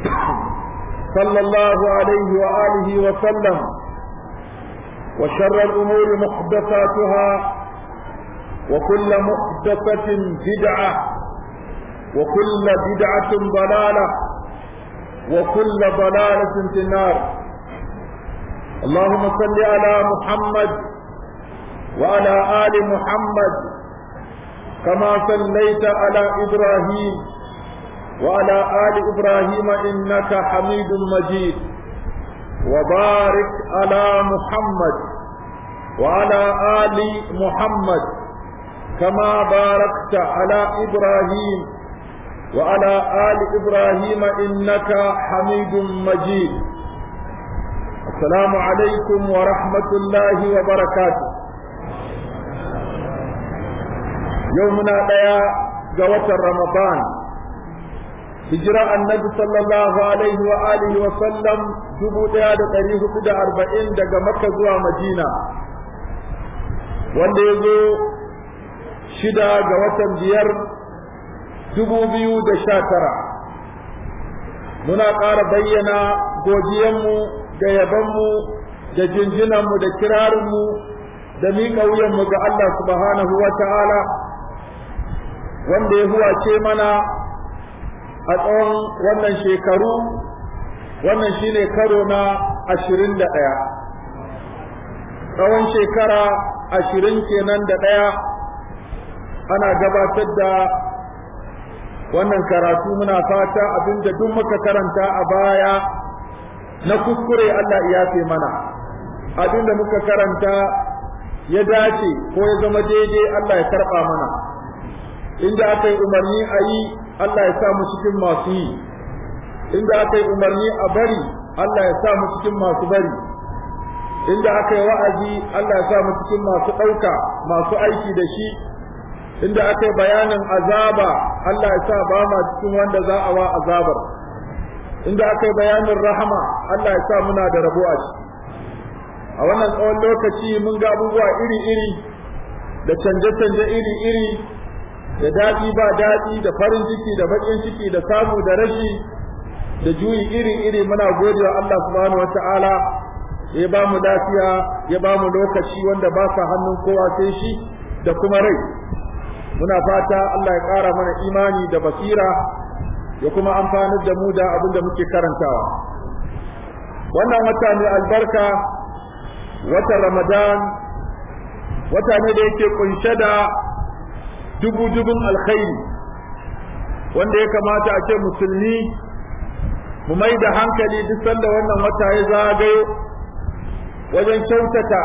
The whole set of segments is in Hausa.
صلى الله عليه وآله وسلم وشر الأمور محدثاتها وكل محدثة بدعة وكل بدعة ضلالة وكل ضلالة في النار اللهم صل على محمد وعلى آل محمد كما صليت على إبراهيم وعلى آل إبراهيم إنك حميد مجيد وبارك على محمد وعلى آل محمد كما باركت على إبراهيم وعلى آل إبراهيم إنك حميد مجيد السلام عليكم ورحمة الله وبركاته يومنا ديا جوة رمضان hijira annabi sallallahu alaihi wa alihi wa sallam dubu ɗaya da ɗari hudu da arba'in daga makka zuwa madina wanda ya zo shida ga watan biyar dubu biyu da sha tara muna ƙara bayyana godiyanmu da yabonmu da jinjinanmu da kirarinmu da miƙa wuyanmu ga Allah subhanahu wa ta'ala wanda ya huwace mana a tsawon wannan shekaru wannan shi ne karo na ashirin da ɗaya tsawon shekara ashirin kenan da ɗaya ana gabatar da wannan karatu muna fata abinda duk muka karanta a baya na kuskure Allah ya fi mana abinda muka karanta ya dace ko ya zama daidai Allah ya karɓa mana inda aka yi umarni a yi Allah ya sa mu cikin masu yi inda aka yi umarni a bari Allah ya sa mu cikin masu bari inda aka yi wa'azi Allah ya sa mu cikin masu ɗauka masu aiki da shi inda aka yi bayanin azaba Allah ya sa ba ma cikin wanda za a wa azabar inda aka yi bayanin rahama Allah ya sa muna da rabo a shi a wannan tsawon lokaci mun ga abubuwa iri-iri da canje-canje iri-iri da daɗi ba daɗi da farin ciki da baƙin ciki da samu da rashi da juyi iri-iri muna gode wa Allah subhanahu wata'ala ya ba mu lafiya ya ba mu lokaci wanda ba sa hannun kowa sai shi da kuma rai muna fata Allah ya ƙara mana imani da basira ya kuma amfanar da mu da abin da muke karantawa wannan wata ne albarka wata ramadan wata ne da yake kunshe da dubu dubun alkhairi wanda ya kamata a ce musulmi mu mai da hankali duk sanda wannan wata ya zagayo wajen kyautata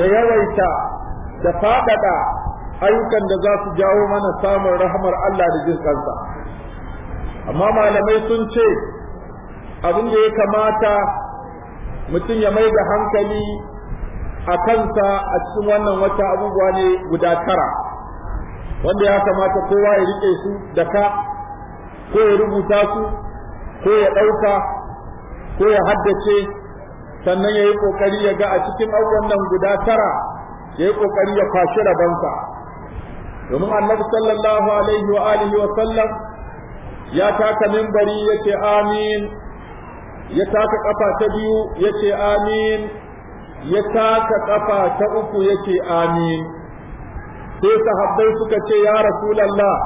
da yawaita da faɗaɗa ayyukan da za su jawo mana samun rahmar Allah da jin kansa amma malamai sun ce abin da ya kamata mutum ya mai da hankali a kansa a cikin wannan wata abubuwa ne guda tara wanda ya kamata kowa ya riƙe su da ka ko ya rubuta su ko ya ɗauka ko ya haddace sannan ya yi ƙoƙari ya ga a cikin nan guda tara ya yi ƙoƙari ya kwashi sa. domin annabi sallallahu alaihi wa alihi wa sallam ya taka mimbari yace amin ya taka kafa ta biyu yace amin ya taka kafa ta uku yace amin sai sahabbai suka ce ya rasulallah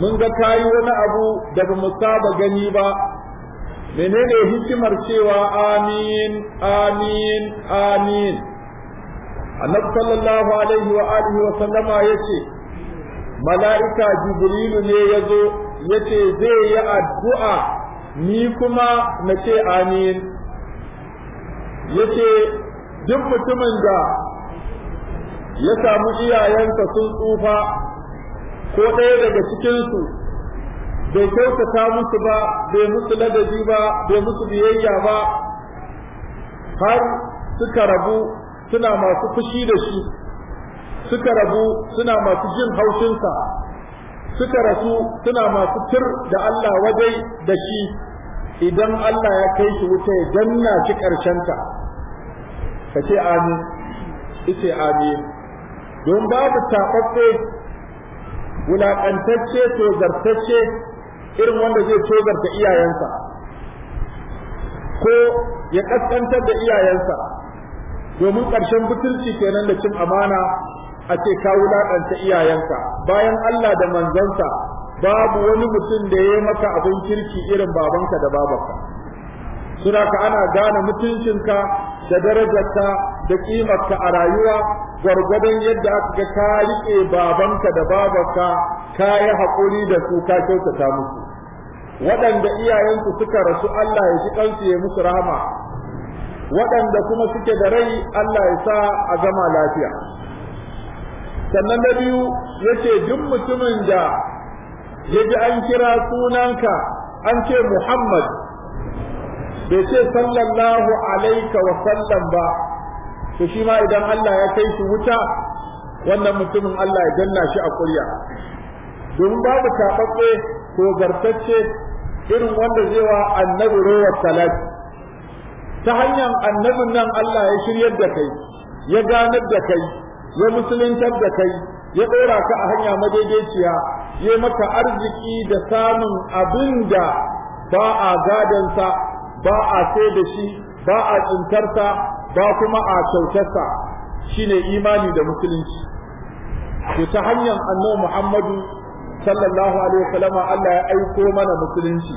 mun ga kayi wani abu da ba mu saba gani ba menene hikimar cewa amin amin amin annabi sallallahu alaihi wa alihi wa sallama yace mala'ika jibrilu ne yazo yace zai yi addu'a ni kuma na ce amin yace duk mutumin da ya samu iyayensa sun tsufa ko ɗaya daga cikinsu bai kyautata musu ba bai musu ladabi ba bai musu biyayya ba har suka rabu suna masu fushi da shi suka rabu suna masu jin haushinsa suka rasu suna masu tir da Allah waje da shi idan Allah ya kai shi wuta ya danna shi ƙarshenta ka ce amin ita amin don babu taɓaɓɓe wulaƙantacce tozartacce irin wanda zai tozarta iyayensa ko ya ƙasƙantar da iyayensa domin ƙarshen butulci kenan da cin amana a ce ka wulaƙanta iyayensa bayan Allah da manzansa babu wani mutum da ya yi maka abin kirki irin babanka da babanka suna ka ana gane mutuncinka da darajarka da ƙimarta a rayuwa gwargwadon yadda aka ga ka riƙe babanka da babarka ka yi haƙuri da su ka kyautata musu waɗanda iyayensu suka rasu Allah ya ji kansu ya musu rahama waɗanda kuma suke da rai Allah ya sa a gama lafiya sannan na biyu yace duk mutumin da ya ji an kira sunanka an ce Muhammad bai ce sallallahu alaika wa sallam ba to shi ma idan Allah ya kai shi wuta wannan mutumin Allah ya danna shi a kurya domin babu taɓaɓɓe ko gartacce irin wanda zai wa annabi rowar salati ta hanyar annabin nan Allah ya shiryar da kai ya ganar da kai ya musuluntar da kai ya ɗora ka a hanya madaidaiciya ya maka arziki da samun abin da ba a gadansa ba a sai da shi ba a tsintarsa ba kuma a kyautarsa ne imani da musulunci to ta hanyar annabi Muhammadu sallallahu alaihi wasallam Allah ya aiko mana musulunci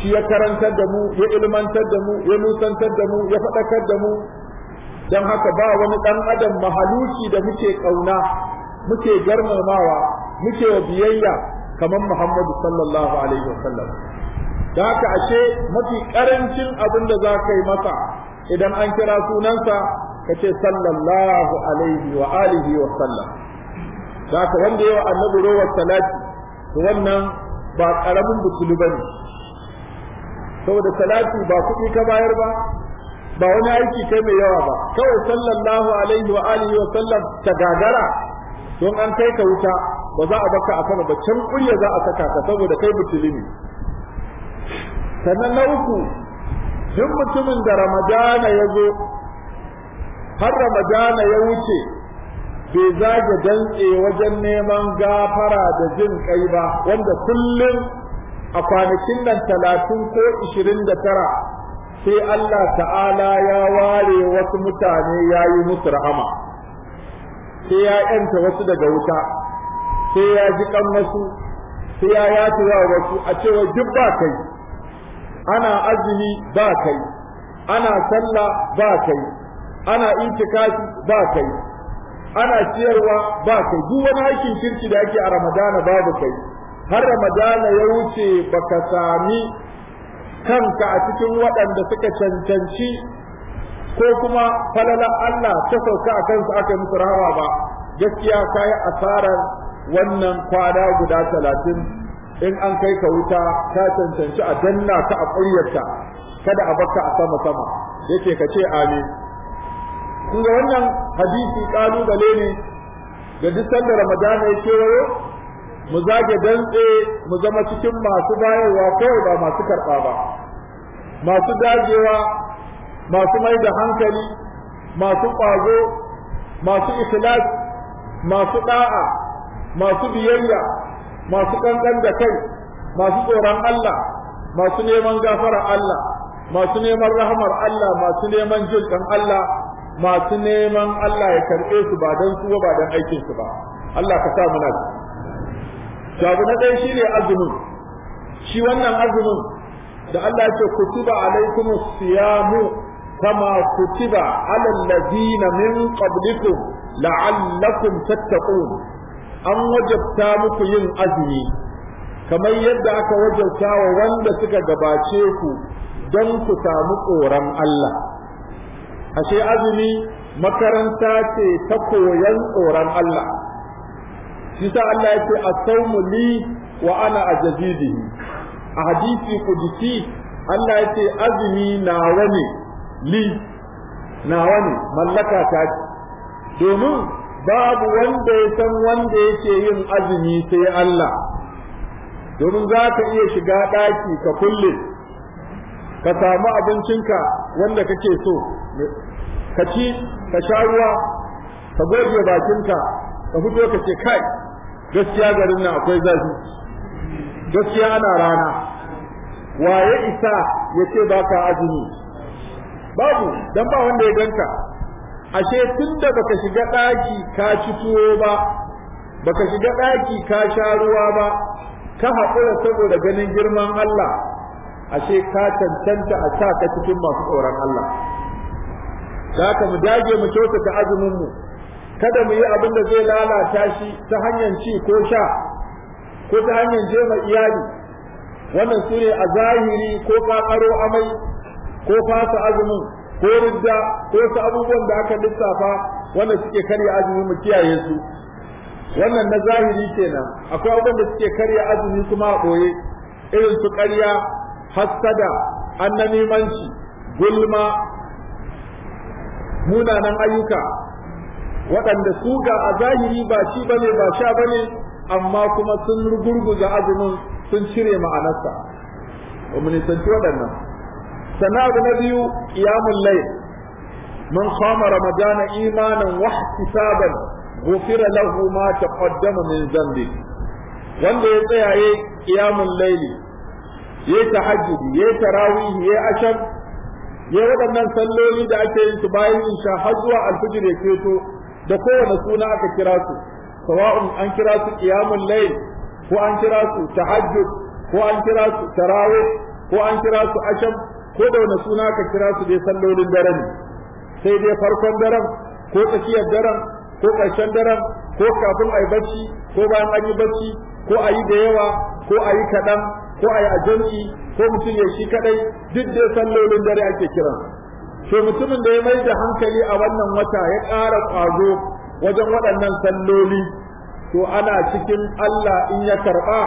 shi ya karantar da mu ya ilmantar da mu ya nusantar da mu ya faɗakar da mu dan haka ba wani ɗan adam mahaluki da muke ƙauna muke garmamawa muke biyayya kamar Muhammadu sallallahu alaihi wasallam da haka ashe mafi karancin abin da za ka yi masa idan an kira sunansa ka ce sallallahu alaihi wa alihi wa sallam da haka wanda yawa annabi rawar salati to wannan ba karamin butulu ba ne saboda salati ba kuɗi ka bayar ba ba wani aiki kai mai yawa ba kawai sallallahu alaihi wa alihi wa sallam ta gagara don an kai ka wuta ba za a baka a sama ba can kurya za a saka ka saboda kai butuli ne sannan na uku duk mutumin da ramadana ya zo har ramadana ya wuce bai zage dantse wajen neman gafara da jin kai ba wanda kullum a kwanakin nan talatin ko ishirin da tara sai Allah ta'ala ya ware wasu mutane ya yi musu rahama sai ya yanta wasu daga wuta sai ya ji kan wasu sai ya yafi wa wasu a cewa duk ba kai ana azumi ba kai ana sallah ba kai ana intikafi ba kai ana ciyarwa ba kai duk wani aikin kirki da ake a ramadana babu kai har ramadana ya wuce baka sami kanka a cikin waɗanda suka cancanci ko kuma falalar Allah ta sauka a kansu aka yi rahawa ba gaskiya kayi asarar wannan kwana guda talatin in an kai ka wuta ka cancanci a danna ka a ƙuryarta kada a baka a sama sama yake ka ce amin kun ga wannan hadisi kalubale ne ga duk sanda ramadana ya kewayo mu zage dantse mu zama cikin masu bayarwa kawai ba masu karɓa ba masu dagewa masu mai da hankali masu ƙwazo masu ikhlas masu da'a masu biyayya masu kankan da kai masu tsoron Allah masu neman gafara Allah masu neman rahamar Allah masu neman jinkan Allah masu neman Allah ya karɓe su ba don su ba don aikin su ba Allah ka sa muna ci na ɗaya shine azumin shi wannan azumin da Allah ya ce kutiba alaikum siyamu kama kutiba alal ladina min qablikum la'allakum tattaqun an wajabta muku yin azumi kamar yadda aka wajabta wa wanda suka gabace ku don ku samu tsoron Allah ashe azumi makaranta ce ta koyon tsoron Allah shi sa Allah yake asawmu li wa ana ajazidihi a hadisi kudisi Allah yake azumi na wani li na wani mallaka ta domin babu wanda ya san wanda yake yin azumi sai Allah domin za ka iya shiga ɗaki ka kulle ka samu abincinka wanda kake so ka ci ka sha ruwa ka goge bakinka ka fito ka ce kai gaskiya garin nan akwai zafi gaskiya ana rana waye isa ya ce ba ka azumi babu dan ba wanda ya ganka ashe tunda baka shiga ɗaki ka ci tuwo ba baka shiga ɗaki ka sha ruwa ba ka haƙura saboda ganin girman Allah ashe ka cancanta a sa ka cikin masu tsoron Allah ka mu dage mu ta azumin mu kada mu yi abin da zai lalata shi ta hanyar ci ko sha ko ta hanyar jema iyali wannan sune a zahiri ko kakaro amai ko fasa azumin ko rudda ko wasu abubuwan da aka lissafa wanda suke karya azumi mu kiyaye su wannan na zahiri kenan akwai abubuwan da suke karya azumi kuma a ɓoye irin su karya hassada annamimanci gulma munanan ayyuka waɗanda su ga a zahiri ba shi bane ba sha bane amma kuma sun gurguza azumin sun cire ma'anarsa ba mu nisanci waɗannan sannan abu na biyu iyamun lai mun kama ramadana imanin wa ihtisaban ghufira lahu ma taqaddama min wanda ya tsaya yayi ya layli yayi tahajjudi ya yi yayi ashar yayi waɗannan salloli da ake yin su bayan insha har zuwa alfijir ya keto da kowane suna aka kira su sawa'un an kira su iyamun layl ko an kira su tahajjud ko an kira su tarawih ko an kira su ashab ko da wani suna ka kira su dai sallolin daren sai dai farkon daren ko tsakiyar daren ko ƙarshen daren ko kafin a yi bacci ko bayan an yi bacci ko a yi da yawa ko a yi kaɗan ko a yi ajanci ko mutum ya shi kaɗai duk dai sallolin dare ake kiran to mutumin da ya mai da hankali a wannan wata ya ƙara ƙwazo wajen waɗannan salloli to ana cikin Allah in ya karɓa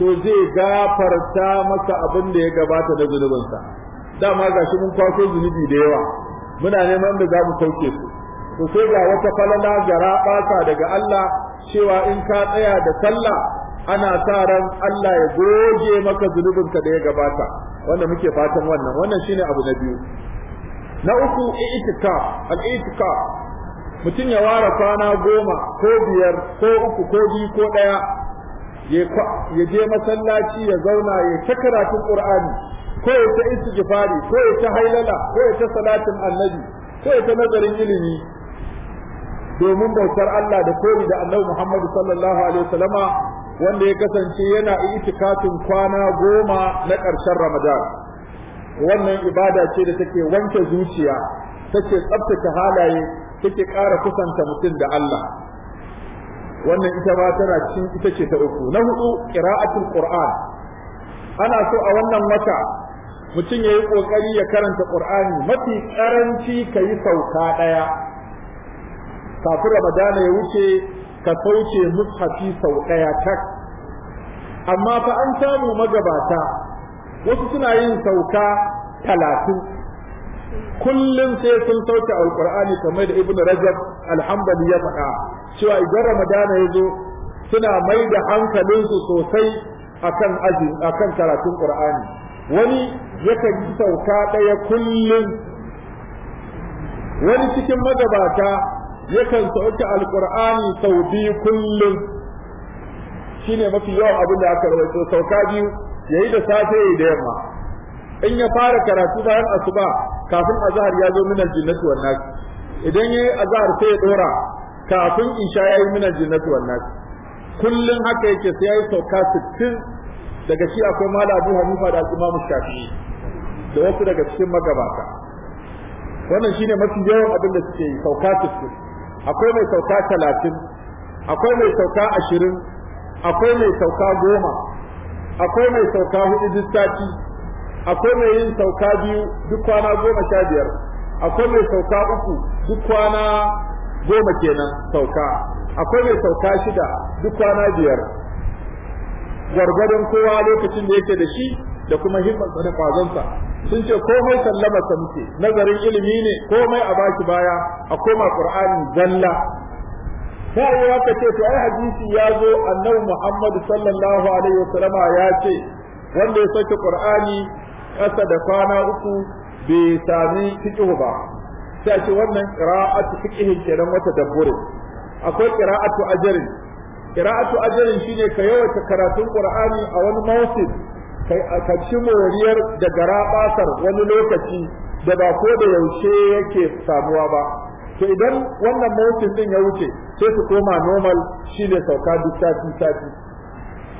to zai gafarta masa abin da ya gabata da zunubinsa. dama ga shi mun kwaso zunubi da yawa muna neman da za mu sauke su to sai ga wata falala gara ɓata daga Allah cewa in ka tsaya da sallah ana sa ran Allah ya goge maka zunubinka da ya gabata wanda muke fatan wannan wannan shine abu na biyu na uku i'tikaf al-i'tikaf mutum ya ware kwana goma ko biyar ko uku ko biyu ko ɗaya ya je masallaci ya zauna ya ta karatun qur'ani ko ya ta istighfari ko ya ta hailala ko ya ta salatin annabi ko ya ta nazarin ilimi domin bautar Allah da koyi da Annabi Muhammad sallallahu alaihi wasallama wanda ya kasance yana itikafin kwana goma na ƙarshen Ramadan wannan ibada ce da take wanke zuciya take tsabtace halaye take ƙara kusanta mutum da Allah wannan ita tana cikin ita ce ta uku na hudu qira'atul qur'an ana so a wannan wata mutum ya yi ƙoƙari ya karanta ƙur'ani mafi ƙaranci ka yi sauka ɗaya kafin ramadana ya wuce ka sauke mushafi sau ɗaya tak amma fa an samu magabata wasu suna yin sauka talatin kullum sai sun sauke alƙur'ani kamar da Ibn rajab alhambali ya faɗa cewa idan ramadana ya zo suna mai da hankalinsu sosai akan akan karatun ƙur'ani wani yakan yi sauka ɗaya kullum wani cikin magabata yakan sauke alkur'ani sau biyu kullum shine mafi yawan abin da aka rawaito sauka biyu yayi da safe yayi da yamma in ya fara karatu bayan asuba kafin azhar ya zo min jinnatu wan idan yayi azhar sai ya dora kafin isha yayi min aljinnati wan nas kullum haka yake sai yayi sauka sittin. daga shi akwai mala abu hanifa da imamu shafi'i da wasu daga cikin magabata wannan shine mafi yawan abin da suke yi sauka su akwai mai sauka talatin akwai mai sauka ashirin akwai mai sauka goma akwai mai sauka hudu duk sati akwai mai yin sauka biyu duk kwana goma sha biyar akwai mai sauka uku duk kwana goma kenan sauka akwai mai sauka shida duk kwana biyar gwargwadon kowa lokacin da yake da shi da kuma himmansa da kwazonsa sun ce komai sallamarsa muke nazarin ilimi ne komai a baki baya a koma qur'anin zalla sai ya haka ce to hadisi ya zo annabi muhammad sallallahu alaihi wasallama ya ce wanda ya saki qur'ani ƙasa da kwana uku bai sami fiqhu ba sai ce wannan qira'atu fiqhin kenan wata dabbure akwai qira'atu ajrin qira'atu ajrin shine ka yawaita karatun qur'ani a wani mawsim kai ka ci moriyar da garabasar wani lokaci da ba ko da yaushe yake samuwa ba to idan wannan mawsim din ya wuce sai su koma normal shine sauka duk sati sati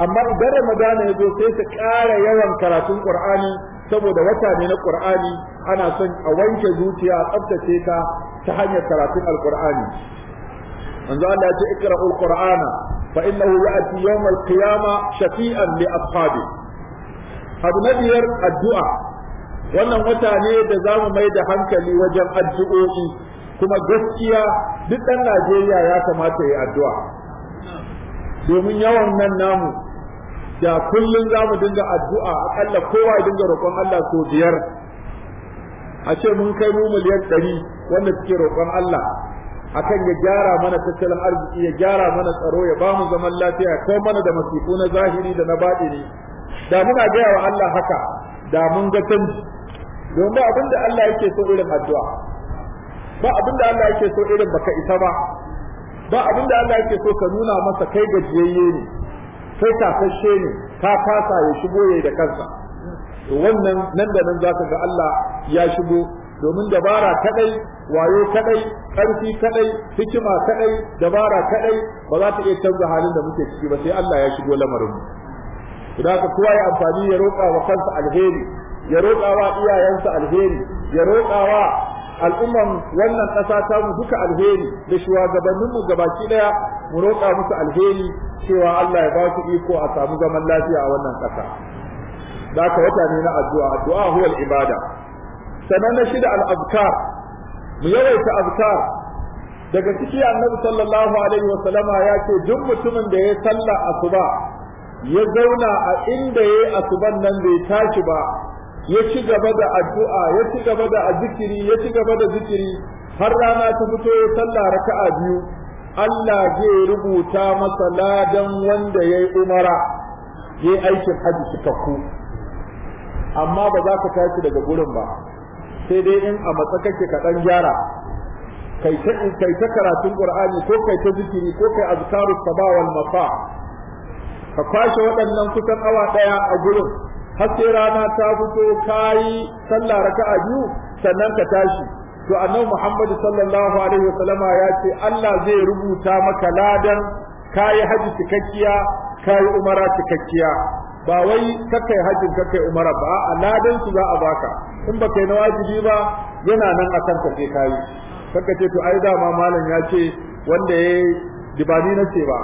amma idan ramadana ya zo sai su ƙara yawan karatun qur'ani saboda wata ne na qur'ani ana son a wanke zuciya a tsaftace ta ta hanyar karatun alqur'ani manzo Allah ya ce ikra'ul qur'ana فإنه يأتي يوم القيامة ne لأصحابه abu na biyar addu'a wannan wata ne da za mu mai da hankali wajen addu'o'i kuma gaskiya duk ɗan Najeriya ya kamata ya addu'a domin yawan nan namu da kullum za mu dinga addu'a akalla kowa ya dinga roƙon Allah ko biyar a ce mun kai mu miliyan ɗari wanda suke roƙon Allah akan ya gyara mana tattalin arziki ya gyara mana tsaro ya ba mu zaman lafiya kai mana da masifu na zahiri da na baɗini da muna gaya wa Allah haka da mun ga canji domin abin da Allah yake so irin addu'a ba abin da Allah yake so irin baka isa ba ba abin da Allah yake so ka nuna masa kai gajiyayye ne kai kasashe ne ka kasa ya shigo yayi da kansa wannan nan da nan zaka ga Allah ya shigo domin dabara kadai wayo kadai karfi kadai hikima kadai dabara kadai ba za ta iya canza halin da muke ciki ba sai Allah ya shigo lamarin mu da ka kowa ya amfani ya roƙa wa kansa alheri ya roƙa wa iyayensa alheri ya roƙa wa al'umman wannan ƙasa ta mu duka alheri da shugabannin mu gabaki daya mu roƙa musu alheri cewa Allah ya ba su iko a samu zaman lafiya a wannan ƙasa da ka wata ne na addu'a addu'a huwal ibada sannan shida al-abkar mu yawaita abkar daga ciki annabi sallallahu alaihi wa sallama ya ce duk mutumin da ya sallah asuba ya zauna a inda yayi asuban nan bai tashi ba ya ci gaba da addu'a ya ci gaba da zikiri ya ci gaba da zikiri har rana ta fito ya salla raka'a biyu Allah zai rubuta masa ladan wanda yayi umara yayi aikin hajji cikakku amma ba za ka tashi daga gurin ba sai dai in a matsa kake ka gyara kai ta kai ta karatun qur'ani ko kai ta zikiri ko kai azkaru sabah wal masa ka kwashe waɗannan kusan awa ɗaya a gurin har sai rana ta fito kayi sallah raka'a biyu sannan ka tashi to annabi Muhammad sallallahu alaihi wasallama ya ce Allah zai rubuta maka ladan kayi haji cikakkiya kayi umara cikakkiya ba wai kakai hajjin kakai umara ba a ladan su za a baka in baka yi na wajibi ba yana nan a kan ke kayi kaka ce to ai dama malam ya ce wanda ya dibani na ce ba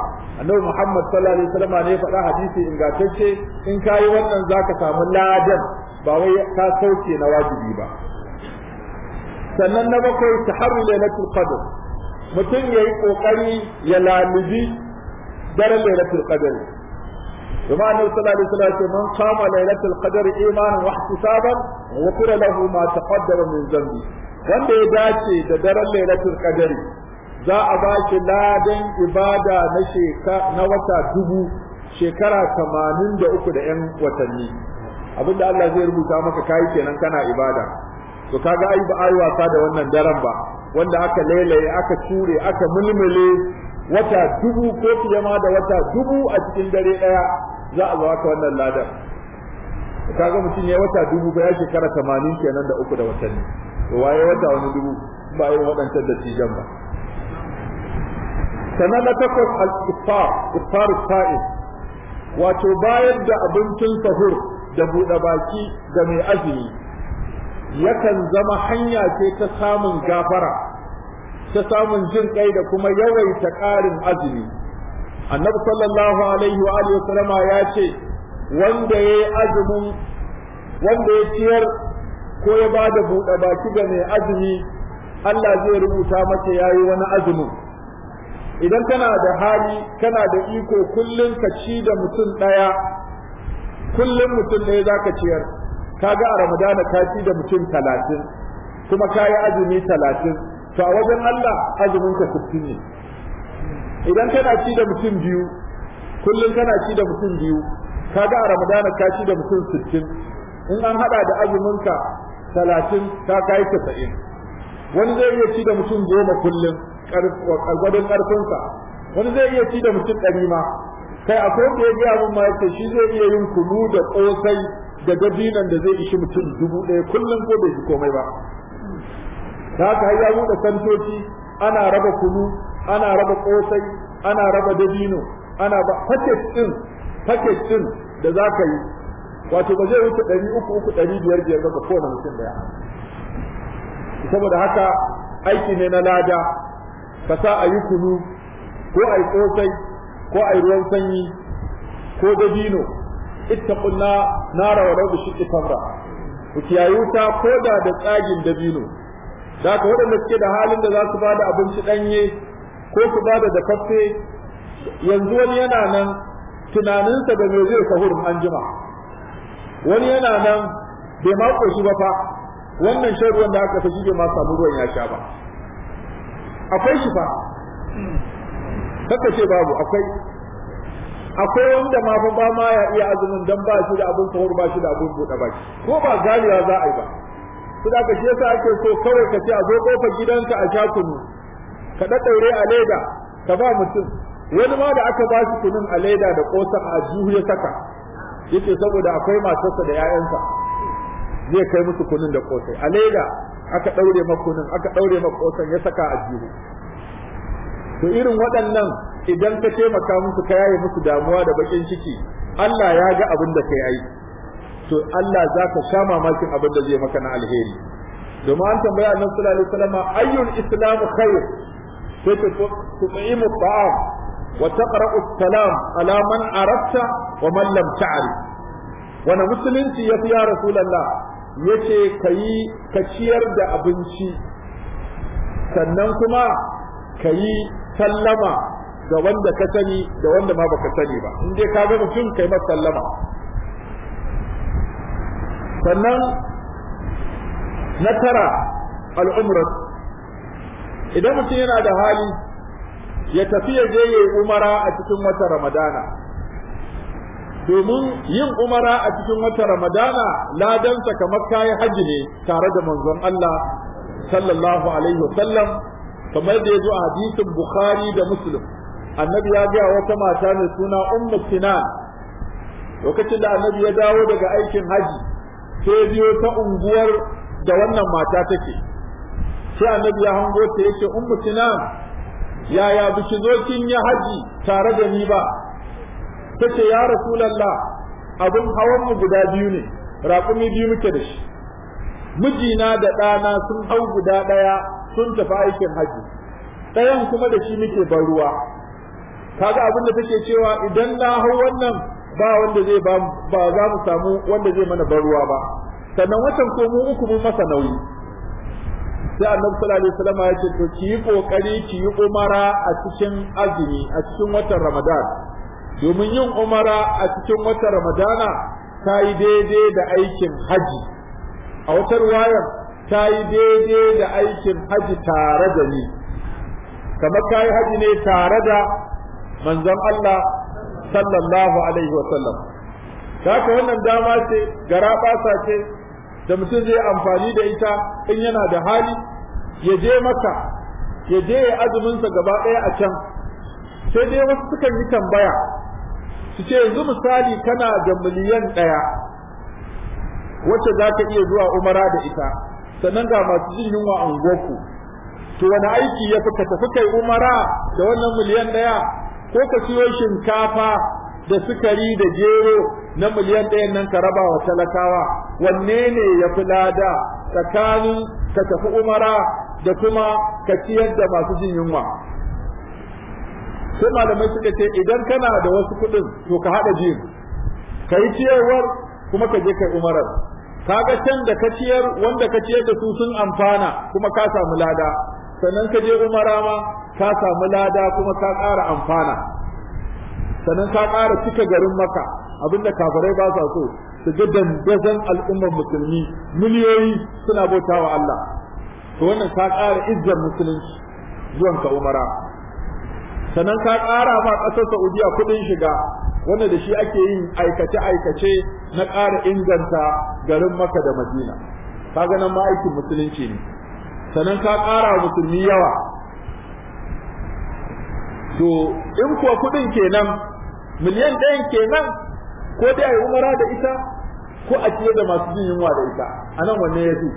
annabi Muhammad sallallahu alaihi wasallam ne faɗa hadisi in ingantacce in kayi wannan zaka samu ladan ba wai ka sauke na wajibi ba sannan na bakwai taharru lailatul qadr mutum yayi kokari ya lalubi daren lailatul qadr kuma annabi sallallahu alaihi wasallam ce man qama lailatul qadr imanan wa ihtisaban ghufira lahu ma taqaddama min wanda ya dace da daren lailatul ƙadari, za a ba shi ladan ibada na na wata dubu shekara 83 da yan watanni abinda Allah zai rubuta maka kai kenan kana ibada to kaga ai ba ai wasa da wannan daren ba wanda aka lailaye aka ture aka mulmule wata dubu ko fiye ma da wata dubu a cikin dare ɗaya za a ta wannan ladar kaga mutum ya wata dubu ba ya shekara tamanin kenan da uku da watanni waye wata wani dubu ba yi waɗancan da cijan ba sana na takwas al-ifar ifar sa'id wato bayar da abincin sahur da buɗe baki ga mai azumi yakan zama hanya ce ta samun gafara ta samun jin kai da kuma yawaita ƙarin azumi annabi sallallahu alaihi wa alihi wasallama ya ce wanda ya yi wanda ya ciyar ko ya ba da buɗe baki ga mai azumi Allah zai rubuta mace ya yi wani azumi. idan kana da hali kana da iko kullum ka ci da mutum ɗaya kullum mutum ɗaya za ka ciyar kaga a ramadana ka ci da mutum talatin kuma ka yi azumi talatin to a wajen Allah azumin ka sittin ne idan kana ci da mutum biyu kullum kana ci da mutum biyu kaga a ramadana ka ci da mutum sittin in an hada da azumin ka talatin ka kai casa'in wani zai iya ci da mutum goma kullum gwadon ka wani zai iya ci da mutum ɗari ma kai akwai wanda ya gaya min ma yake shi zai iya yin kunu da ƙosai da dabinan da zai ishi mutum dubu ɗaya kullum ko bai ji komai ba da haka har ya buɗe santoci ana raba kunu ana raba kosai ana raba dabino ana ba package din package din da za ka yi wato ba zai wuce ɗari uku uku ɗari biyar biyar ba kowane mutum ya? saboda haka aiki ne na lada ka sa a yi kunu ko a yi kosai ko a yi ruwan sanyi ko dabino ita kunna na wa rawd shiqqi tamra ku kiyaye wuta ko da da tsagin dabino da ka waɗanda suke da halin da za su bada abinci ɗanye ko su bada da kafe yanzu wani yana nan tunaninsa da me zai sahur an jima wani yana nan bai ma koshi ba fa wannan shan ruwan da aka ta shi ma samu ruwan ya sha ba akwai shi fa kaka ce babu akwai akwai wanda ma fa ba ma ya iya azumin dan ba shi da abin sahur ba shi da abin buɗe baki ko ba galiya za a yi ba su da ka yasa ake so kawai ka ce a zo kofar gidanka a sha kunu ka daɗaure a leda ka ba mutum wani ma da aka ba shi kunun a leda da kosan a juhu ya saka Yake saboda akwai matarsa da 'ya'yansa zai kai musu kunun da kosai a leda aka daure ma kunun aka daure ma kosan ya saka a juhu to irin waɗannan idan ka taimaka musu ka yaye musu damuwa da bakin ciki Allah ya ga abin da kai aiki to Allah za ka sha mamakin abin da zai maka na alheri domin an tambaya annabi sallallahu alaihi wasallam ayyul islamu khair sai ka tuqimu ta'am wa taqra'u salam ala man arafta wa man lam ta'rif wani musulunci ya fi ya rasulallah yace kayi ka ciyar da abinci sannan kuma kayi sallama ga wanda ka sani da wanda ma baka sani ba in dai ka ga mutum kai masa sallama sannan na tara al'umra idan mutum yana da hali ya tafi ya je yayi umara a cikin wata ramadana domin yin umara a cikin wata ramadana ladansa kamar kayi hajji ne tare da manzon Allah sallallahu alaihi wasallam kamar da ya zo a hadisin bukhari da muslim annabi ya gaya wata mata mai suna ummu sinan lokacin da annabi ya dawo daga aikin haji Se biyo ta unguwar da wannan mata take sai annabi ya hango ta yace ummu sinan yaya biki zo kin yi haji tare da ni ba tace ya rasulullah abun hawan mu guda biyu ne raƙumi biyu muke da shi mijina da ɗana sun hau guda ɗaya sun tafi aikin haji ɗayan kuma da shi muke ban ruwa kaga abin da take cewa idan na hau wannan ba wanda zai ba ba za mu samu wanda zai mana barruwa ba sannan watan ko mu uku mun masa nauyi sai annabi sallallahu alaihi wasallam ya ce to ki yi kokari ki yi umara a cikin azumi a cikin watan ramadan domin yin umara a cikin watan ramadana ta yi daidai da aikin haji a watar waya ta yi daidai da aikin haji tare da ni kamar ta yi haji ne tare da manzon Allah sallallahu alaihi wa sallam haka wannan dama ce gara basa ce da mutum zai amfani da ita in yana da hali ya je maka ya je ya azumin sa gaba ɗaya a can sai dai wasu sukan yi tambaya su ce yanzu misali kana da miliyan ɗaya wacce za ka iya zuwa umara da ita sannan ga masu jin yunwa a unguwarku to wani aiki ya fuka ka tafi umara da wannan miliyan ɗaya ko ka siyo shinkafa da sukari da gero na miliyan ɗaya nan ka raba wa talakawa wanne ne ya fi lada tsakanin ka tafi umara da kuma ka ciyar da masu jin yunwa sai malamai suka ce idan kana da wasu kuɗin to ka haɗa jin ka yi ciyarwar kuma ka je kai umarar kaga can da ka ciyar wanda ka ciyar da su sun amfana kuma ka samu lada sannan ka je umara ma ka samu lada kuma ka ƙara amfana sannan ka ƙara cika garin maka abinda kafirai ba sa so su ga dandazon al'ummar musulmi miliyoyi suna bautawa Allah to wannan ka ƙara izzar musulunci zuwan ka umara sannan ka ƙara ma ƙasar Saudiya kuɗin shiga wanda da shi ake yin aikace-aikace na ƙara inganta garin maka da Madina kaga nan ma aikin musulunci ne sannan ka ƙara musulmi yawa to in kuwa kuɗin kenan miliyan ɗayan kenan ko dai a yi umara da ita ko a ciyar da masu jin yunwa da ita a nan wanne ya fi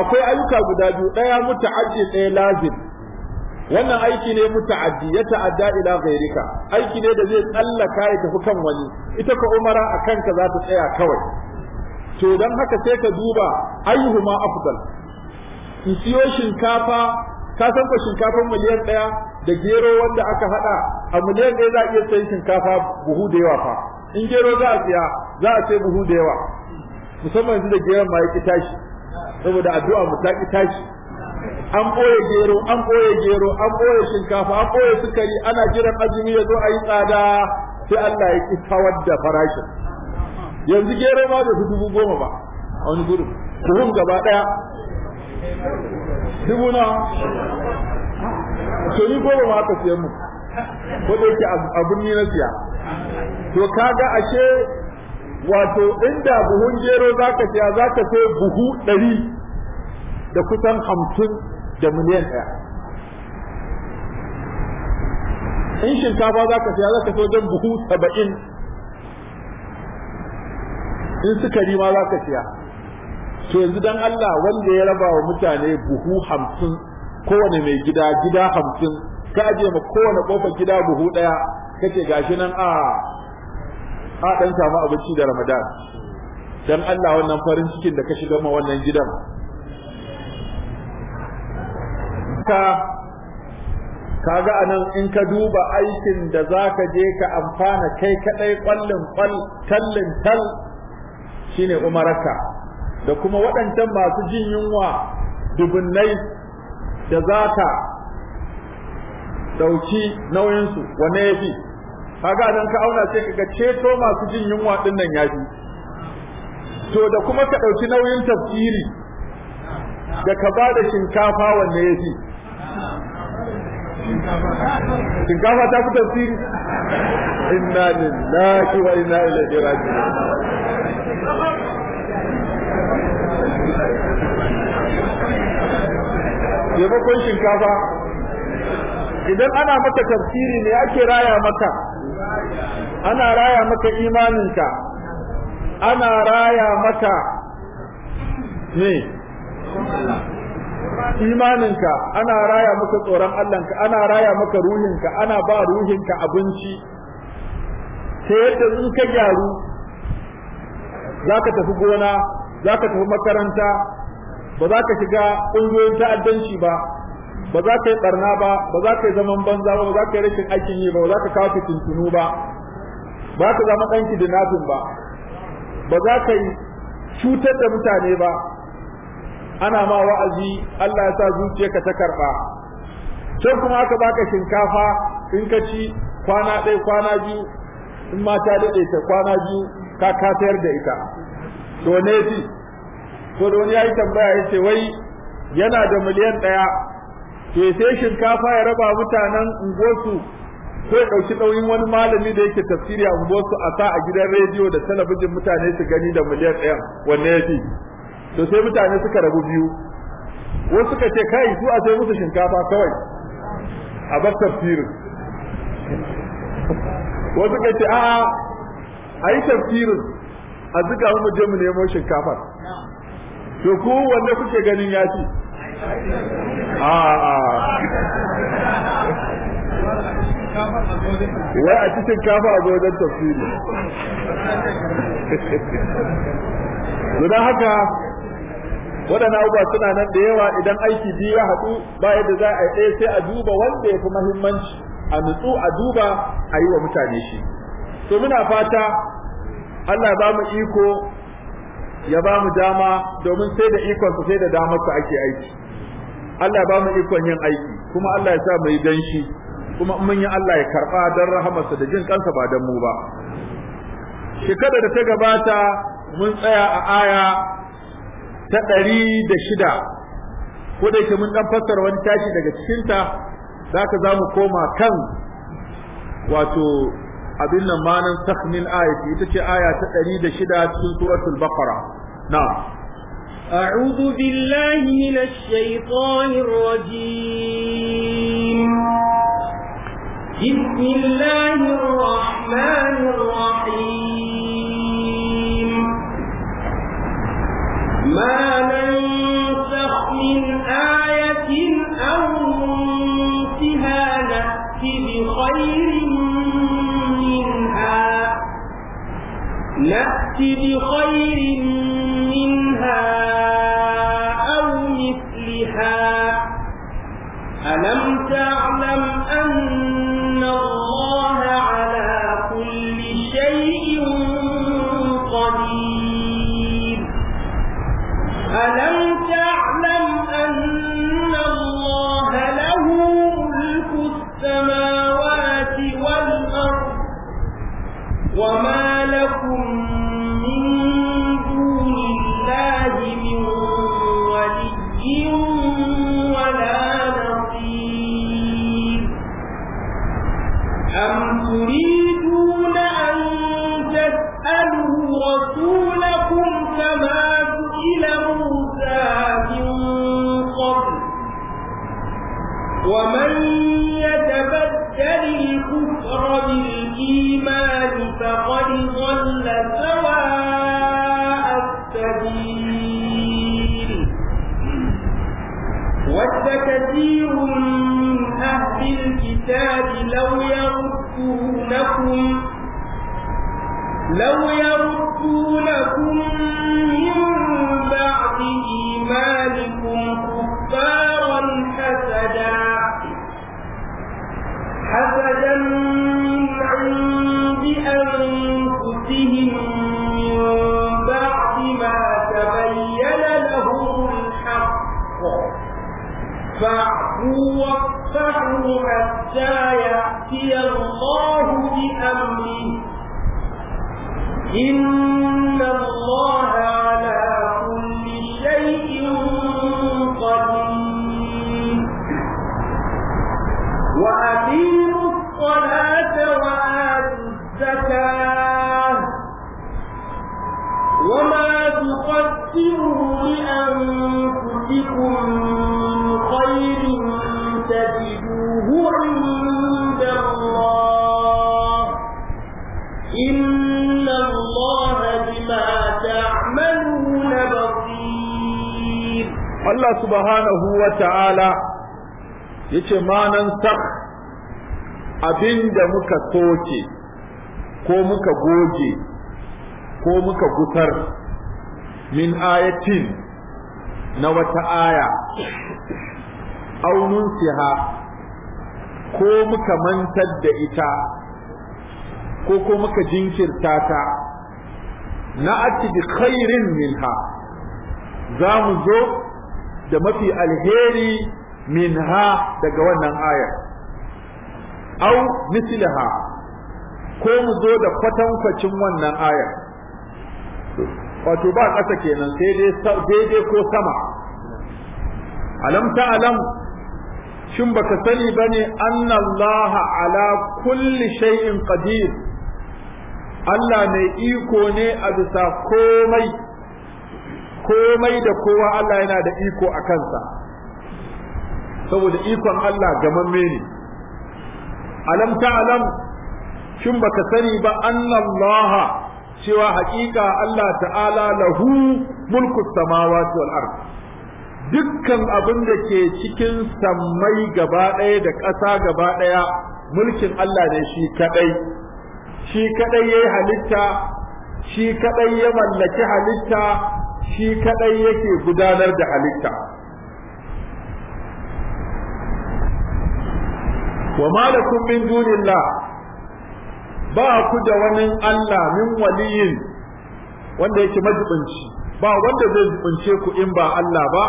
akwai ayyuka guda biyu ɗaya muta'addi ɗaya lazim wannan aiki ne muta'addi ya ta'adda ila ghairika aiki ne da zai tsallaka ya tafi kan wani ita ka umara a kanka za ta tsaya kawai to don haka sai ka duba ayyuhuma afdal in siyo shinkafa ka san ko shinkafar miliyan ɗaya da gero wanda aka haɗa a miliyan ɗaya za a iya sayin shinkafa buhu da yawa fa in gero za a siya za a sai buhu da yawa musamman yanzu da gero ma ya ki tashi saboda addu'a mu ta ki tashi an ɓoye gero an ɓoye gero an boye shinkafa an ɓoye sukari ana jiran azumi ya zo a yi tsada sai Allah ya ki kawar da farashin yanzu gero ma bai fi dubu goma ba a wani gudun Kuhun gaba daya dubu na So ni goma ma aka siyan mu ko da yake abun ni na siya to kaga ashe wato inda buhun gero za ka siya za ka sai buhu ɗari da kusan hamsin da miliyan ɗaya in shinkafa za ka siya za ka wajen buhu saba'in in sukari ma za ka siya to yanzu dan Allah wanda ya raba wa mutane buhu hamsin kowane mai gida gida hamsin ka aje ma kowane kofar gida buhu daya kace gashi nan ah, a a dan samu abinci da Ramadan dan Allah wannan farin cikin da ka shiga ma wannan gidan ka ga anan in ka duba aikin da zaka je ka amfana kai kaɗai kwallin kwal tallin tal shine umaraka da kuma waɗancan masu jin yunwa dubunnai da za ta ɗauki nauyinsu wanne ya fi kaga don ka auna sai kaga ceto masu jin yunwa ɗin nan ya fi to da kuma ka ɗauki nauyin tafsiri da ka ba da shinkafa wanne ya fi shinkafa ta fi tafsiri inna lillahi wa inna ilaihi raji'un yabakon shinkafa idan ana maka tafsiri ne ake raya maka ana raya maka imaninka ana raya maka ne imaninka ana raya maka tsoron Allahnka ana raya maka ruhinka ana ba ruhinka abinci ta yadda in ka gyaru za ka tafi gona za ka tafi makaranta ba za ka shiga ƙungiyoyin ta'addanci ba ba za ka yi ɓarna ba ba za ka yi zaman banza ba ba za ka yi rashin aikin yi ba ba za ka kawo fitintunu ba ba za ka zama ɗanki da nafin ba ba za ka yi cutar da mutane ba ana ma wa'azi Allah ya sa zuciyarka ta karɓa can kuma aka baka shinkafa in ka ci kwana ɗaya kwana biyu in mata daɗe ta kwana biyu ka kasayar da ita to ne fi to don wani yayi tambaya ya ce wai yana da miliyan ɗaya to sai shinkafa ya raba mutanen ungosu sai ya ɗauki ɗauyin wani malami da yake tafsiri a ungosu a sa a gidan rediyo da talabijin mutane su gani da miliyan ɗaya wanne ya fi to sai mutane suka rabu biyu wasu suka ce kai su a sai musu shinkafa kawai a bar tafsirin wasu suka ce a'a a yi tafsirin a zuga mu je mu nemo shinkafa to ku wanda kuke ganin ya ci a a wai a ci shinkafa a wajen tafsiri don haka waɗannan uba suna nan da yawa idan aiki biyu ya haɗu ba da za a ɗaya sai a duba wanda ya fi mahimmanci a nutsu a duba a yi wa mutane shi to muna fata Allah ba mu iko ya ba mu dama domin sai da ikon sai da damar ake aiki Allah ba mu ikon yin aiki kuma Allah ya sa mu yi danshi kuma mun yi Allah ya karba dan rahamarsa da jin kansa ba dan mu ba shekara da ta gabata mun tsaya a aya ta ɗari da shida ko da yake mun dan fassara wani tashi daga cikinta za ka za mu koma kan wato abin nan manan sakh min ayati ita ce aya ta 106 cikin suratul baqara na'am a'udhu billahi minash shaitanir rajim bismillahir rahmanir rahim ma nansakh min ayatin aw nunsiha na'ti bi khairin نأت بخير منها أو مثلها ألم تعلم أن نوڈیا yace ma nan sak abinda muka soke ko muka goge ko muka gusar min ayatin na wata aya aunun siha ko muka mantar da ita ko ko muka jinkirta ta na ati bi khairin minha za mu zo da mafi alheri minha daga wannan ayar au misliha ko mu zo da kwatankwacin wannan ayar wato ba ƙasa kenan sai daidai ko sama alam ta alam shin baka sani bane anna Allah ala kulli shay'in qadir Allah mai iko ne a bisa komai komai da kowa Allah yana da iko a kansa saboda ikon Allah gamamme ne alam ta'lam shin baka sani ba annallaha cewa haƙiƙa Allah ta'ala lahu mulku samawati wal ard dukkan abin da ke cikin sammai gaba ɗaya da ƙasa gaba ɗaya mulkin Allah ne shi kadai shi kadai yayi halitta shi kadai ya mallaki halitta shi kadai yake gudanar da halitta wa malakum min dunillah ba ku da wani Allah min waliyin wanda yake majibinci ba wanda zai jibince ku in ba Allah ba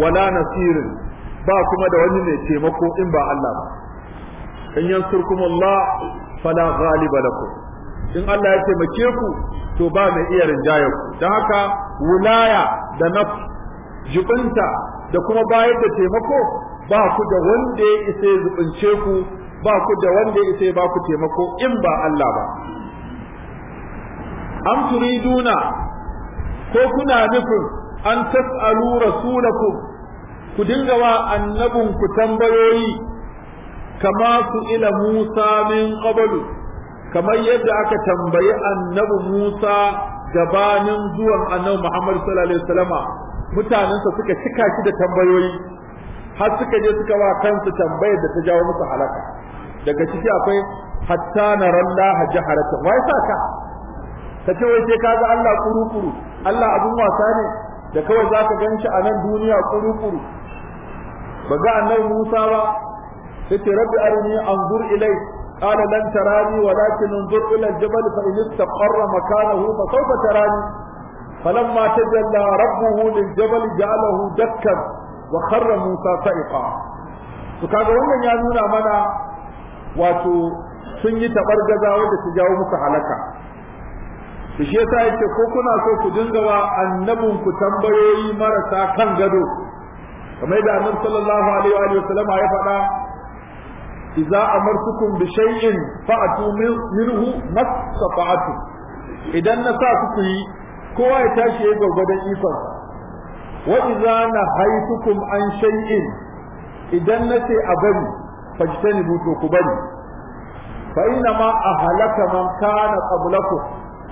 wala nasirin ba kuma da wani mai taimako in ba Allah ba in yansurkum Allah fala ghaliba lakum in Allah ya taimake ku to ba mai iya rinjaye ku dan haka wulaya da naf jibinta da kuma bayar da taimako ba ku da wanda ya isa ya zubince ku ba ku da wanda ya isa ya ba ku taimako in ba Allah ba am turiduna ko kuna nufin an tas'alu rasulakum ku dinga wa annabin ku tambayoyi kama su ila Musa min qablu kamar yadda aka tambayi annabi Musa gabanin zuwan annabi Muhammad sallallahu alaihi wasallama mutanensa suka cika shi da tambayoyi har suka je suka ba kansu tambayar da ta jawo musu halaka daga ciki akwai hatta naran laha jaharata wai sa ka ka ce wai sai ka ga Allah kurukuru Allah abun wasa ne da kawai za ka gan shi a nan duniya kurukuru kuru ba ga annabi Musa ba sai ce rabbi arini anzur ilai قال لن تراني ولكن انظر الى الجبل فان استقر مكانه فسوف تراني فلما تجلى ربه للجبل جعله dakkan. wa kharra Musa sa'iqa to kaga wannan ya nuna mana wato sun yi tabargaza wanda su jawo musu halaka to shi yasa yace ko kuna so ku dinga wa annabin ku tambayoyi marasa kan gado kamar da annabi sallallahu alaihi wa sallam ya faɗa idza amartukum bi shay'in fa'tu minhu mastata'tum idan na sa ku yi kowa ya tashi ya gwargwadon ikonsa wa idza nahaitukum an shay'in idan nace a bari fajtanibu to ku bari fa inna ma ahlaka man kana qablakum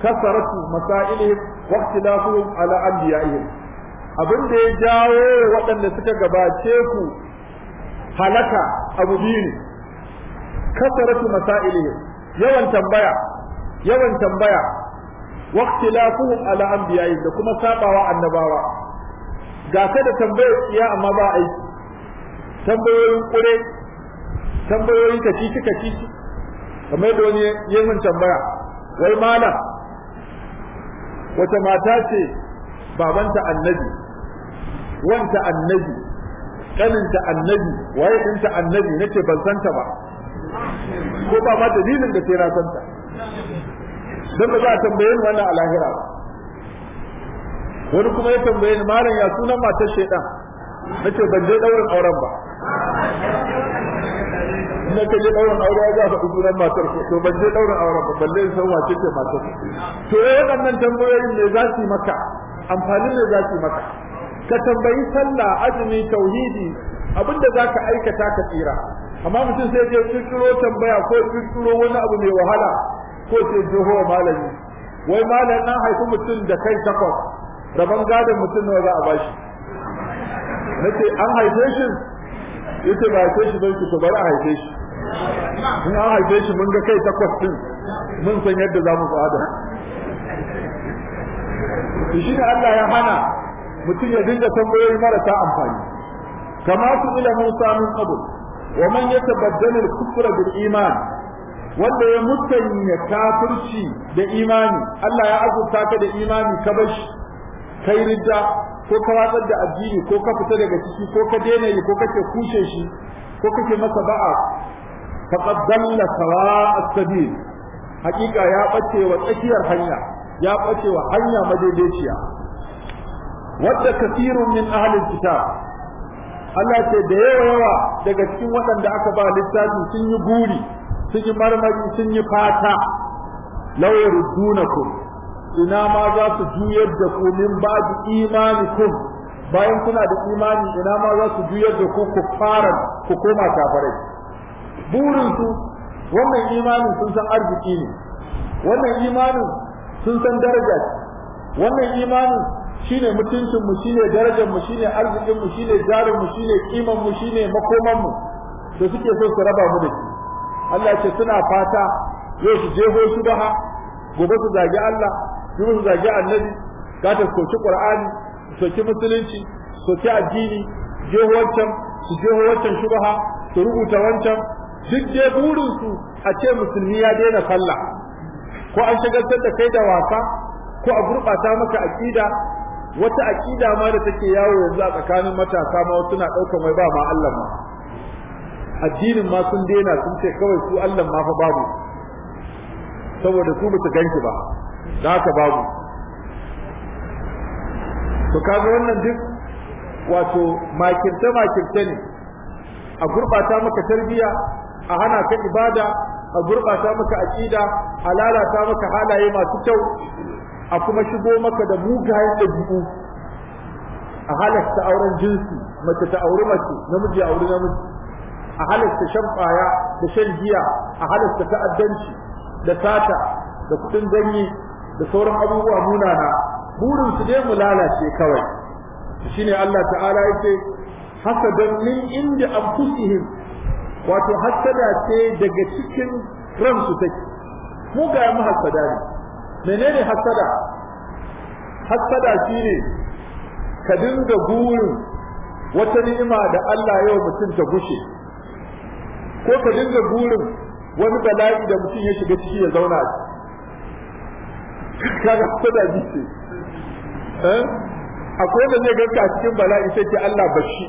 kasaratu masailihim wa ikhtilafuhum ala anbiya'ihim abin da ya jawo waɗanda suka gabace ku halaka abu biyu ne kasaratu masailihim yawan tambaya yawan tambaya waqtilafuhum ala anbiya'ihim da kuma sabawa annabawa ga ka da tambayar tsiya amma ba aiki tambayoyin kure tambayoyin kacici kacici kamar yadda wani ya mun tambaya wai mana wata mata ce babanta annabi wanta annabi kaninta annabi waye ɗinta annabi nace ban santa ba ko ba ma dalilin da sai na santa don ba za a tambaye ni wannan alahira. ba wani kuma ya tambaye ni malam ya sunan matar shaidan nace ban je daurin auren ba na kaje daurin aure ya faɗi sunan matar ko to ban je daurin auren ba balle san wace ce matar to eh, waɗannan tambayoyin ne za su maka amfanin ne za su maka ka tambayi sallah azumi tauhidi abinda za ka aikata ka tsira amma mutum sai je kirkiro tambaya ko kirkiro wani abu mai wahala ko sai jiho malami wai malam na haifi mutum da kai takwas rabon gadon mutum nawa za a ba bashi nace an haife shi yace ba haife shi bai ku bari a haife shi in an haife shi mun ga kai takwas din mun san yadda za mu tsada to shi ne Allah ya hana mutum ya dinga tambayoyi marasa amfani kama su ila Musa min qabl wa man yatabaddalu al-kufra bil iman wanda ya mutanya kafirci da imani Allah ya azurta ka da imani ka bashi. kai ridda ko ka watsar da addini ko ka fita daga ciki ko ka daina yi ko kake kushe shi ko kake masa ba'a faqad dalla sawa'a sabil hakika ya bace wa tsakiyar hanya ya bace wa hanya madaidaiciya wadda kasirun min ahli kitab Allah ce da yawa yawa daga cikin waɗanda aka ba littafi sun yi guri sun yi marmari sun yi fata law yardunakum ina ma za su juyar da ku min imani imanikum bayan kuna da imani ina ma za su juyar da ku ku fara ku koma kafirai burin su wannan imanin sun san arziki ne wannan imanin sun san daraja wannan imanin shine mutuncin mu shine darajar mu shine arzikin mu shine jarin mu shine kiman mu shine makoman mu da suke so su raba mu da shi Allah ce suna fata yau su jeho su ha, gobe su zagi Allah su su zagi annabi za ta soki qur'ani soki musulunci soki addini jeho wancan su jeho wancan shubaha su rubuta wancan duk je burin su a ce musulmi ya daina sallah ko an shagaltar da kai da wasa ko a gurbata maka aƙida wata aƙida ma da take yawo yanzu a tsakanin matasa ma wasu na dauka mai ba ma Allah ma addinin ma sun daina sun ce kawai su Allah ma fa babu saboda su bata su ganki ba da haka babu to kaga wannan duk wato makirce makirce ne a gurbata maka tarbiya a hana ka ibada a gurbata maka aqida a lalata maka halaye masu kyau a kuma shigo maka da mugayen dabi'u a halasta auren jinsi mace ta auri mace namiji auri namiji a halasta shan kwaya da shan giya a halasta ta'addanci da sata da kudin ganye da sauran abubuwa munana burin su dai mu lalace kawai shine Allah ta'ala yake hasadan min inda anfusihim wato hasada ce daga cikin ransu take mu ga mu hasada ne menene hasada hasada shine ka dinga burin wata ni'ima da Allah yau mutum ta ko ka dinga burin wani bala'i da mutum ya shiga ciki ya zauna kaga sada ji ce eh akwai da zai ganka a cikin bala'i sai ke Allah bashi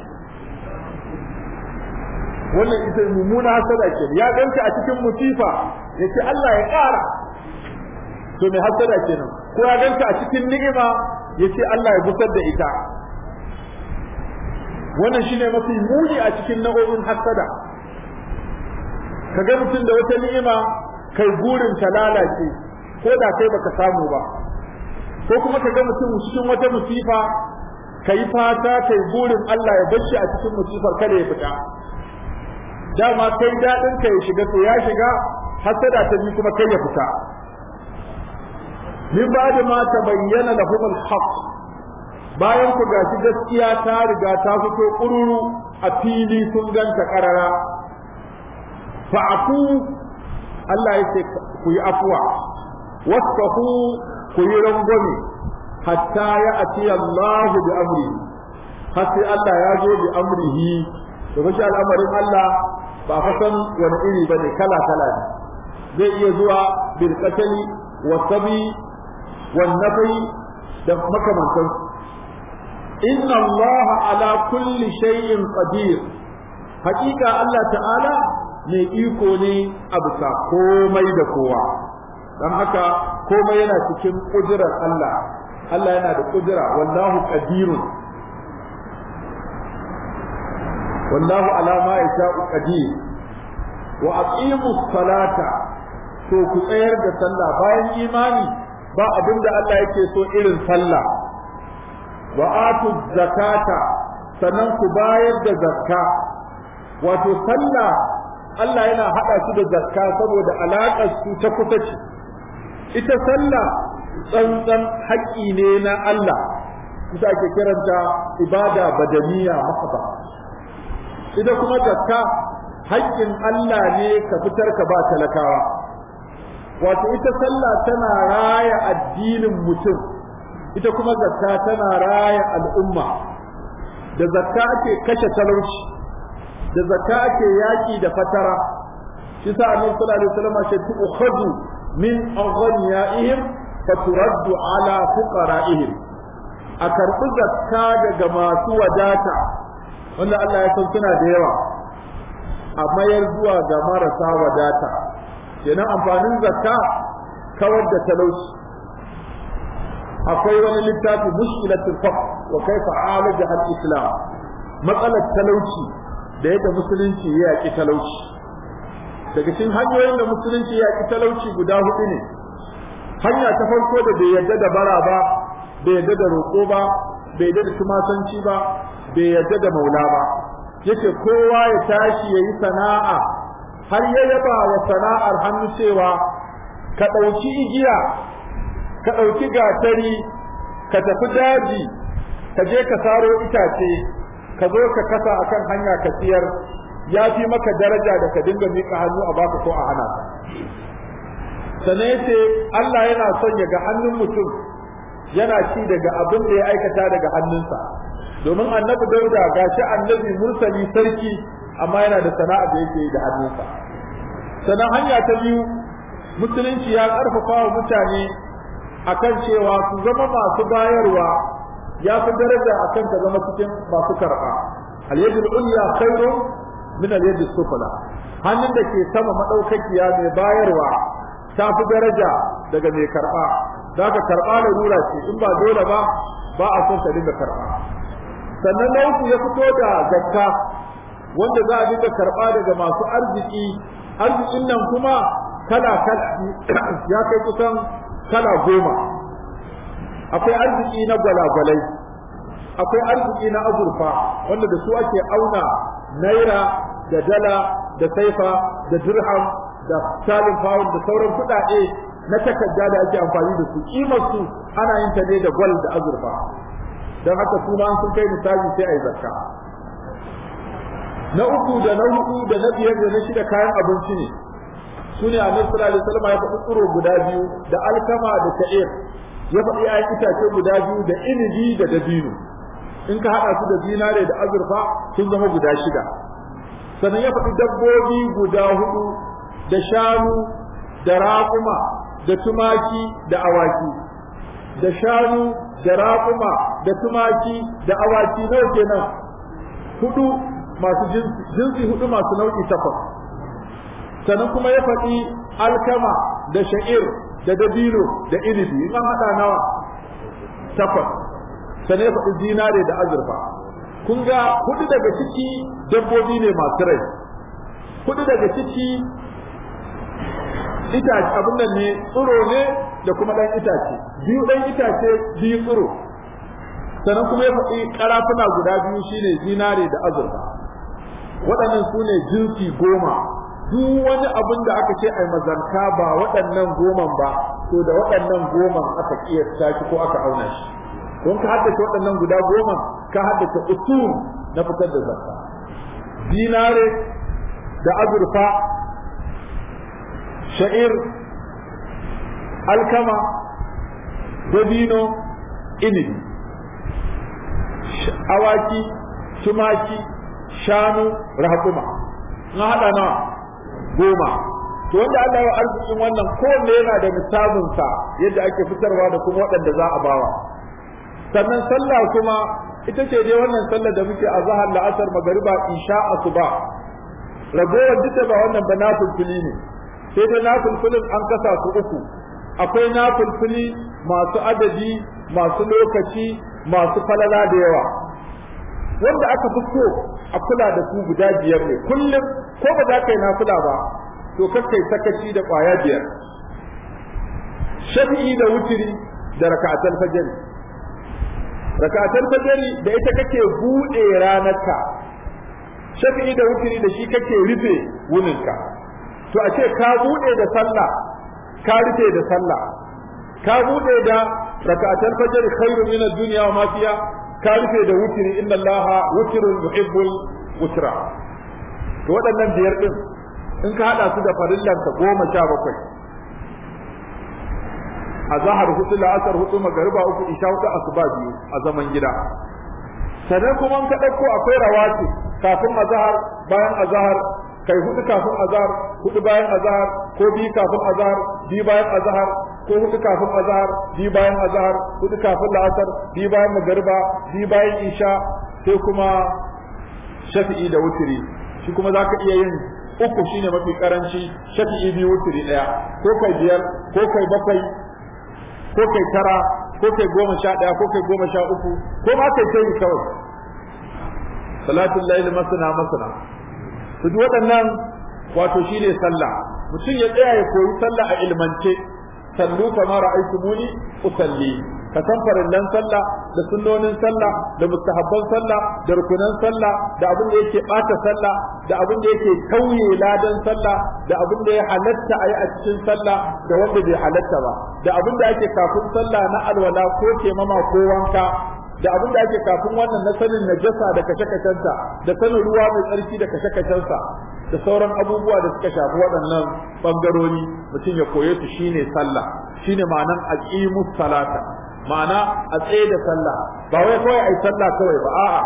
wannan ita mummuna hasada ke ya ganka a cikin musifa yace Allah ya ƙara to me hasada kenan ko ya ganka a cikin ni'ima yace Allah ya busar da ita wannan shine mafi muni a cikin nau'o'in hasada kaga mutum da wata ni'ima kai burin ta lalace ko da kai baka samu ba ko kuma ka ga mutum cikin wata musifa ka yi fata kai burin Allah ya bar a cikin musifar kada ya fita dama kai daɗin ka ya shiga to ya shiga hasada ta bi kuma kai ya fita min ba'da ma bayyana da al-haqq bayan ku gashi gaskiya ta riga ta fito kururu a fili sun ganta karara fa'afu Allah ya ce ku yi afuwa wattahu ku yi rangwame hatta ya ati Allahu bi amri har sai Allah ya zo bi amrihi da shi al'amarin Allah ba ka san wani iri ne kala kala ne zai iya zuwa bil qatali wa sabi wa nafi da makamantan inna Allah ala kulli shay'in qadir hakika Allah ta'ala mai iko ne a bisa komai da kowa don haka komai yana cikin kudirar Allah Allah yana da kudura wallahu qadirun wallahu ala ma yasha'u qadir wa salata to ku tsayar da sallah bayan imani ba abinda Allah yake so irin sallah wa atu zakata sannan ku bayar da zakka wato sallah Allah yana hada shi da zakka saboda alaƙar su ta kusa ce ita sallah tsantsan haƙƙi ne na Allah ita ake kiranta ibada badaniya mahaba ita kuma zakka haƙƙin Allah ne ka fitar ka ba talakawa wato ita sallah tana raya addinin mutum ita kuma zakka tana raya al'umma da zakka ake kashe talauci da zakka ake yaƙi da fatara shi sa annabi sallallahu alaihi wasallam ce min aghniyaihim faturaddu ala fuqara'ihim a karɓi zakka daga masu wadata wanda Allah ya san suna da yawa a mayar zuwa ga marasa wadata kenan amfanin zakka kawar da talauci akwai wani littafi mushkilatul faqr wa kaifa alaja al-islam matsalar talauci da yadda musulunci ya yaki talauci daga cikin hanyoyin da musulunci ya ki talauci guda hudu ne hanya ta farko da bai yarda da bara ba bai yarda da roƙo ba bai yarda da tumasanci ba bai yarda da maula ba yace kowa ya tashi ya yi sana'a har ya yaba wa sana'ar hannu cewa ka ɗauki igiya ka ɗauki gatari ka tafi daji ka je ka saro itace ka zo ka kasa akan hanya ka siyar ya fi maka daraja da ka dinga miƙa hannu a baka ko a hana sannan yace Allah yana son ya ga hannun mutum yana ci daga abin da ya aikata daga hannunsa domin annabi dauda shi annabi mursali sarki amma yana da sana'a da yake da hannunsa sannan hanya ta biyu musulunci ya karfafa wa mutane akan cewa su zama masu bayarwa ya fi daraja akan ta zama cikin masu karɓa al-yadul ulya khairun min al-yadi sufla hannun da ke sama madaukakiya mai bayarwa ta fi daraja daga mai karba daga karba da rura ce in ba dole ba ba a son ka dinga karba sannan na ya fito da zakka wanda za a dinga karba daga masu arziki arzikin nan kuma kala ya kai kusan kala goma akwai arziki na gwalagwalai akwai arziki na azurfa wanda da su ake auna naira da dala da saifa da dirham da salin pound da sauran kuɗaɗe na takarda da ake amfani da su kimar su ana yin ta ne da gwal da azurfa dan haka su ma sun kai misali sai ai zakka na uku da na hudu da na biyar da na shida kayan abinci ne su ne annabi sallallahu alaihi ya faɗi tsuro guda biyu da alkama da ta'ir ya faɗi ayan itace guda biyu da inibi da dabino in ka haɗa su da zinare da azurfa sun zama guda shida sannan ya faɗi dabbobi guda hudu da shanu da raƙuma da tumaki da awaki da shanu da raƙuma da tumaki da awaki nawa kenan hudu masu jinsi hudu masu nau'i takwas sannan kuma ya faɗi alkama da sha'ir da dabino da inibi in an haɗa nawa takwas sannan ya faɗi zinare da azurfa kun ga hudu daga ciki dabbobi ne masu rai hudu daga ciki itace abin nan ne tsiro ne da kuma ɗan itace biyu ɗan itace biyu tsiro sannan kuma ya faɗi ƙarafuna guda biyu shine zinare da azurfa waɗannan su ne jinsi goma duk wani abin da aka ce ai mazanka ba waɗannan goman ba to da waɗannan goman aka ƙiyasta shi ko aka auna shi don ka haddace waɗannan guda goma ka haddace usul na fitar da zakka dinare da azurfa sha'ir alkama dabino inibi awaki tumaki shanu rahaƙuma na haɗa na goma to wanda Allah ya arzikin wannan kowanne yana da misalinsa yadda ake fitarwa da kuma waɗanda za a bawa sannan sallah kuma ita ce dai wannan sallah da muke a zahar la'asar magariba isha asuba ragowar duk ba wannan ba fili ne sai dai nafulfulin an kasa su uku akwai fili masu adadi masu lokaci masu falala da yawa wanda aka fito a kula da su guda biyar ne kullum ko ba za ka yi nafula ba to kai sakaci da ƙwaya biyar shafi'i da wutiri da raka'atul fajr rakatar fajari da ita kake buɗe ranarka shafi'i da wuturi da shi kake rufe wuninka to a ce ka buɗe da sallah ka rufe da sallah ka buɗe da rakatar fajari khairu min ad-dunya wa ma fiha ka rufe da wutiri inna allaha wutirun yuhibbul wutra to waɗannan biyar din in ka hada su da farillanka goma sha bakwai a zahar hudu la'asar hudu magariba uku isha hudu ba biyu a zaman gida sannan kuma ka ɗauko akwai rawati kafin azahar bayan azahar kai hudu kafin azahar hudu bayan azahar ko biyu kafin azahar biyu bayan azahar ko hudu kafin azahar biyu bayan azahar hudu kafin la'asar biyu bayan magariba biyu bayan isha sai kuma shafi'i da wutiri shi kuma za ka iya yin uku shine mafi karanci shafi'i biyu wutiri daya ko kai biyar ko kai bakwai ko kai tara ko kai goma sha ɗaya ko kai goma sha uku ko ma kai sai kawai salatul layl masana masana to duk waɗannan wato shine sallah mutum ya tsaya ya koyi sallah a ilmance sallu kama ra'aytumuni usalli ka san farillan sallah da sunnonin sallah da mustahabban sallah da rukunan sallah da abin da yake bata sallah da abin da yake kauye ladan sallah da abin da ya halatta a yi a cikin sallah da wanda bai halatta ba da abin da ake kafin sallah na alwala ko kemama ko wanka da abin da ake kafin wannan na sanin najasa da kashe-kashenta da sanin ruwa mai tsarki da kashe-kashensa da sauran abubuwa da suka shafi waɗannan bangarori mutum ya koye su shine sallah shine ma'anan aqimus salata ma'ana a tsaye da sallah ba wai kawai ai sallah kawai ba a'a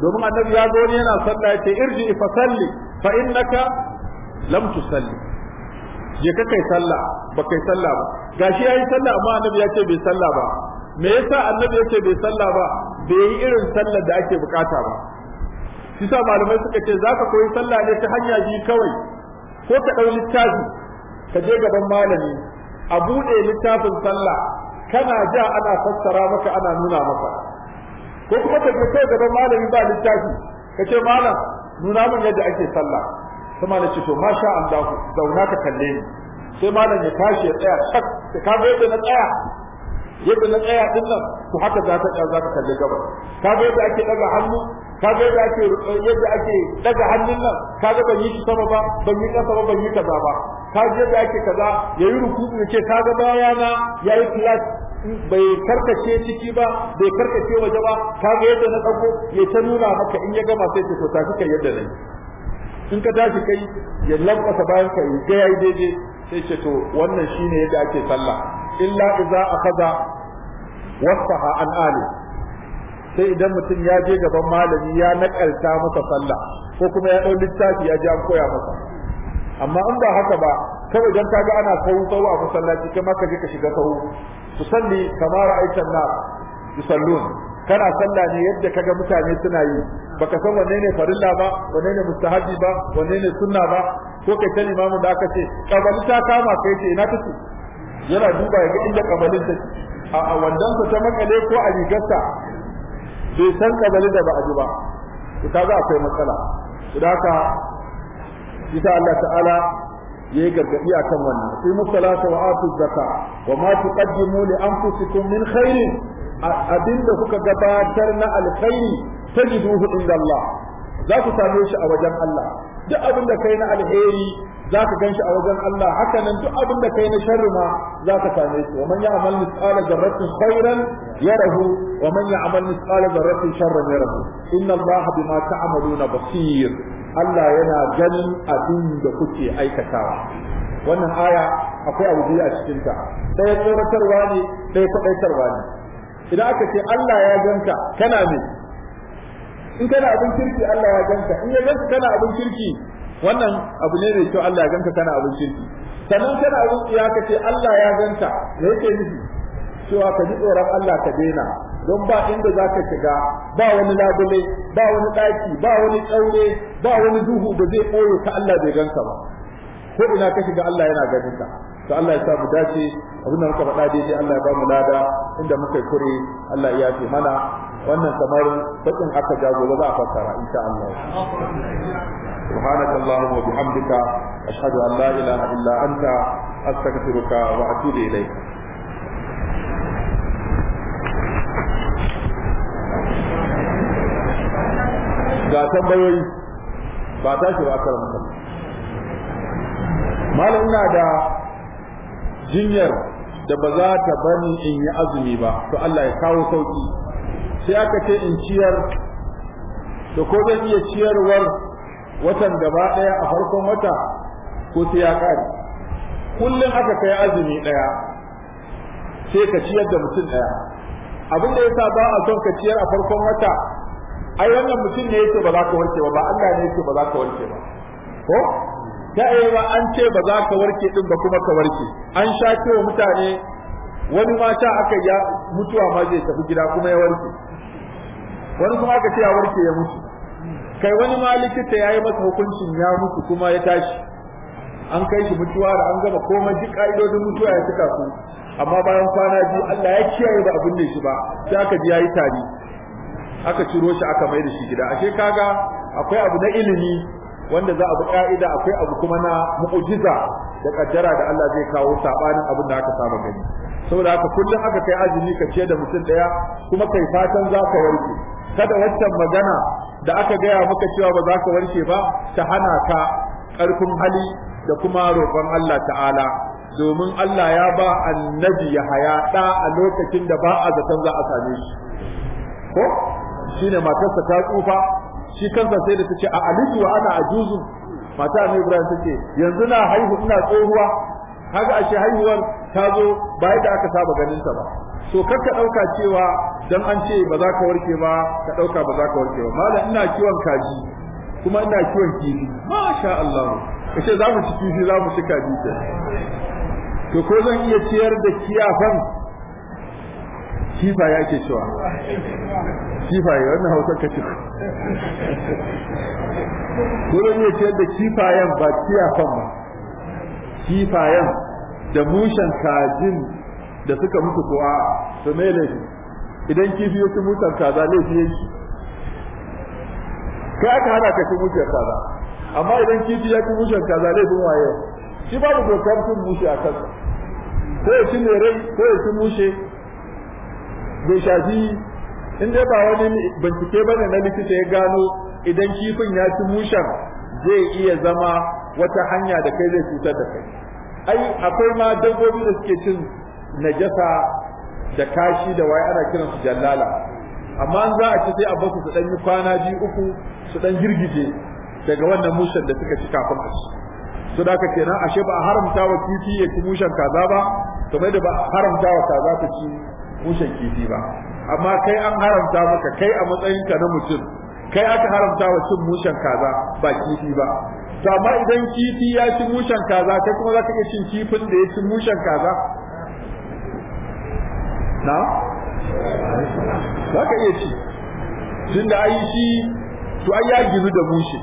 domin annabi ya zo yana sallah yace irji fa salli fa innaka lam tusalli je ka kai sallah ba kai sallah ba gashi yayi sallah amma annabi ya bai sallah ba me yasa annabi ya bai sallah ba bai yi irin sallah da ake bukata ba kisa malamai suka ce zaka koyi sallah ne ta hanya biyu kawai ko ka dau littafi ka je gaban malami a buɗe littafin sallah kana ja ana fassara maka ana nuna maka ko kuma ka je kai gaban malami ba littafi ka ce malam nuna min yadda ake sallah sai na ce to masha Allah zauna ka kalle ni sai malam ya tashi ya tsaya sak ka ga yadda na tsaya yadda na tsaya din nan to haka za ta za ka kalle gaba ka ga yadda ake daga hannu ka ga yadda ake yadda ake daga hannun nan ka ga ban yi sama ba ban yi kasa ba ban yi kaza ba ka je da ake kaza yayi ruku'u ya ce kaga bayana yayi flat bai karkace ciki ba bai karkace waje ba kaga yadda na dauko ya ta nuna maka in ya gama sai ta to tafi kai yadda nayi in ka tashi kai ya lambata bayan ka ga yayi daidai sai ce to wannan shine yadda ake sallah illa idza akaza wasaha an ali sai idan mutum ya je gaban malami ya nakalta masa sallah ko kuma ya dau littafi ya ji an koya masa amma in ba haka ba kawai dan ga ana sauri sau a masallaci kai ma ka je ka shiga sahu tusalli kama ra'aitan su yusallun kana salla ne yadda kaga mutane suna yi baka san wanne ne farilla ba wanne ne mustahabi ba wanne ne sunna ba ko kai ta imamu da aka ce kabalin ta kama kai ce ina kace yana duba ya ga inda kabalin ta a wandansa ta makale ko a rigarta bai san kabalin da ba a ji ba to kaga akwai matsala saboda haka Isa Allah ta'ala ya yi gargaɗi a kan wannan sai musalata wa atu zaka wa ma tuqaddimu li anfusikum min khairin abinda kuka gabatar na alkhairi tajiduhu inda Allah za ku same shi a wajen Allah duk abin da kai na alheri za ka ganshi a wajen Allah haka nan duk abin da kai na sharri ma za ka same shi wa man ya'mal mithqala dharratin khairan yarahu wa man ya'mal mithqala dharratin sharran yarahu inna Allah bima ta'maluna basir Allah yana ganin abin da kuke aikatawa wannan aya akwai abu biyu a cikin ta sai tsoratarwa ne sai faɗaitarwa ne idan aka ce Allah ya ganka kana ne in kana abin kirki Allah ya ganka in ya ganka kana abin kirki wannan abu ne mai kyau Allah ya ganka kana abin kirki sannan kana abin ya kace Allah ya ganka me yake nufi cewa ka ji tsoron Allah ka daina don ba inda za ka shiga ba wani labule ba wani ɗaki ba wani tsaure ba wani duhu da zai ɓoye ka Allah bai ganka ba ko ina ka shiga Allah yana ganin ka to Allah ya sa mu dace abin da muka faɗa daidai Allah ya ba mu lada inda muka kure Allah ya fi mana wannan kamar bakin aka jago ba za a fassara insha Allah سبحانك اللهم وبحمدك أشهد أن لا إله إلا أنت أستغفرك وأتوب إليك ga tambayoyi ba ta shi ba a karan mutum malam ina da jinyar da ba za ta bani in yi azumi ba to Allah ya kawo sauki sai aka ce in ciyar to ko zan iya ciyarwar watan gaba ɗaya a farkon wata ko sai ya ƙare kullum aka kai azumi ɗaya sai ka ciyar da mutum ɗaya abin da yasa ba a son ka ciyar a farkon wata ai wannan mutum ne yake ba za ka warke ba ba Allah ne yake ba za ka warke ba ko ta ba an ce ba za ka warke din ba kuma ka warke an sha wa mutane wani mata aka ya mutuwa ma zai tafi gida kuma ya warke wani kuma aka ce ya warke ya mutu kai wani ma likita ya yi masa hukuncin ya mutu kuma ya tashi an kai shi mutuwa da an gama komai duk ka'idodin mutuwa ya cika su amma bayan kwana biyu Allah ya kiyaye ba abin da shi ba sai aka ji yayi tari aka ciro shi aka mai da shi gida ashe kaga akwai abu na ilimi wanda za a bi ka'ida akwai abu kuma na mu'jiza da kaddara da Allah zai kawo sabanin abin da aka saba gani saboda haka kullum aka kai azumi ka ce da mutum daya kuma kai fatan za ka warke kada waccan magana da aka gaya maka cewa ba za ka warke ba ta hana ka ƙarfin hali da kuma roƙon Allah ta'ala domin Allah ya ba annabi ya haya ɗa a lokacin da ba a zaton za a same shi ko ne matarsa ta tsufa shi kansa sai da ta ce a alitu wa ana ajuzu mata Annabi Ibrahim ta ce yanzu na haihu ina tsohuwa kaga ashe haihuwar ta zo ba yadda aka saba ganin ta ba so kar ka dauka cewa dan an ce ba za ka warke ba ka dauka ba za ka warke ba malam ina kiwon kaji kuma ina kiwon kifi masha Allah kace za mu ci kifi za mu ci kaji to ko zan iya ciyar da kiyafan kifaye yake cewa kifaye wannan hausa kace ko zan iya ciyar da kifayen ba kiyafan ba kifayen da mushen kajin da suka mutu kuwa su to laifi idan kifi yake mutar kaza laifi yake kai aka hana ka ci mushiyar kaza amma idan kifi ya ci mushiyar kaza laifin waye shi babu dokar cin mushe a kansa ko ya ci rai ko ya ci mushe bai shafi in dai ba wani bincike bane na likita ya gano idan kifin ya ci mushen zai iya zama wata hanya da kai zai cutar da kai ai akwai ma dabbobi da suke cin najasa da kashi da waye ana kiran su jallala amma an za a ci sai a basu su dan yi kwana biyu uku su dan girgije daga wannan mushen da suka ci kafin a ci su da kenan ashe ba a haramta wa kifi ya ci mushen kaza ba to mai da ba a haramta wa kaza ta ci mushen kifi ba amma kai an haramta maka kai a matsayinka na mutum kai aka haramta wa cin mushen kaza ba kifi ba to amma idan kifi ya ci mushen kaza kai kuma za ka iya cin kifin da ya ci mushen kaza na za ka iya ci tun da ai shi to ai ya ginu da mushe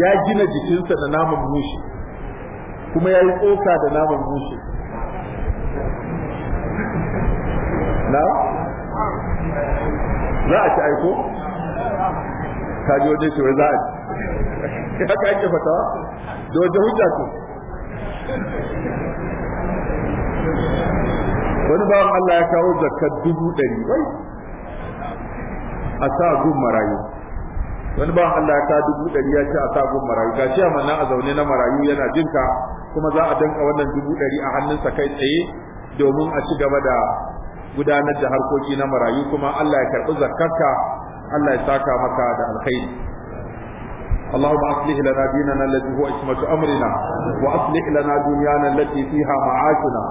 ya gina jikinsa da naman mushe kuma ya yi tsoka da naman mushe na za a ci aiko ka ji wajen shi wai za a ji haka ake fatawa da wajen hujja ce wani bawan Allah ya kawo zakar dubu ɗari wai a sa gun marayu wani bawan Allah ya kawo dubu ɗari ya ce a sa gun marayu ga shi na a zaune na marayu yana jinka kuma za a danka wannan dubu ɗari a hannunsa kai tsaye domin a ci gaba da gudanar da harkoki na marayu kuma Allah ya karɓi zakarka الله ya مكا دا الخير اللهم اصلح لنا ديننا الذي هو عصمة امرنا واصلح لنا دنيانا التي فيها معاشنا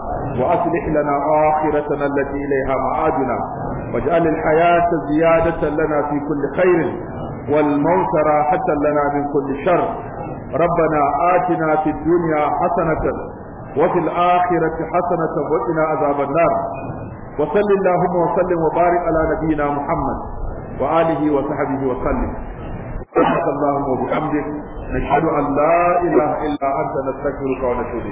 واصلح لنا اخرتنا التي اليها معادنا واجعل الحياة زيادة لنا في كل خير والموت راحة لنا من كل شر ربنا آتنا في الدنيا حسنة وفي الآخرة حسنة وقنا عذاب النار وصل اللهم وسلم وبارك على نبينا محمد وآله وصحبه وسلم سبحانك اللهم وبحمدك نشهد أن لا إله إلا أنت نستغفرك ونتوب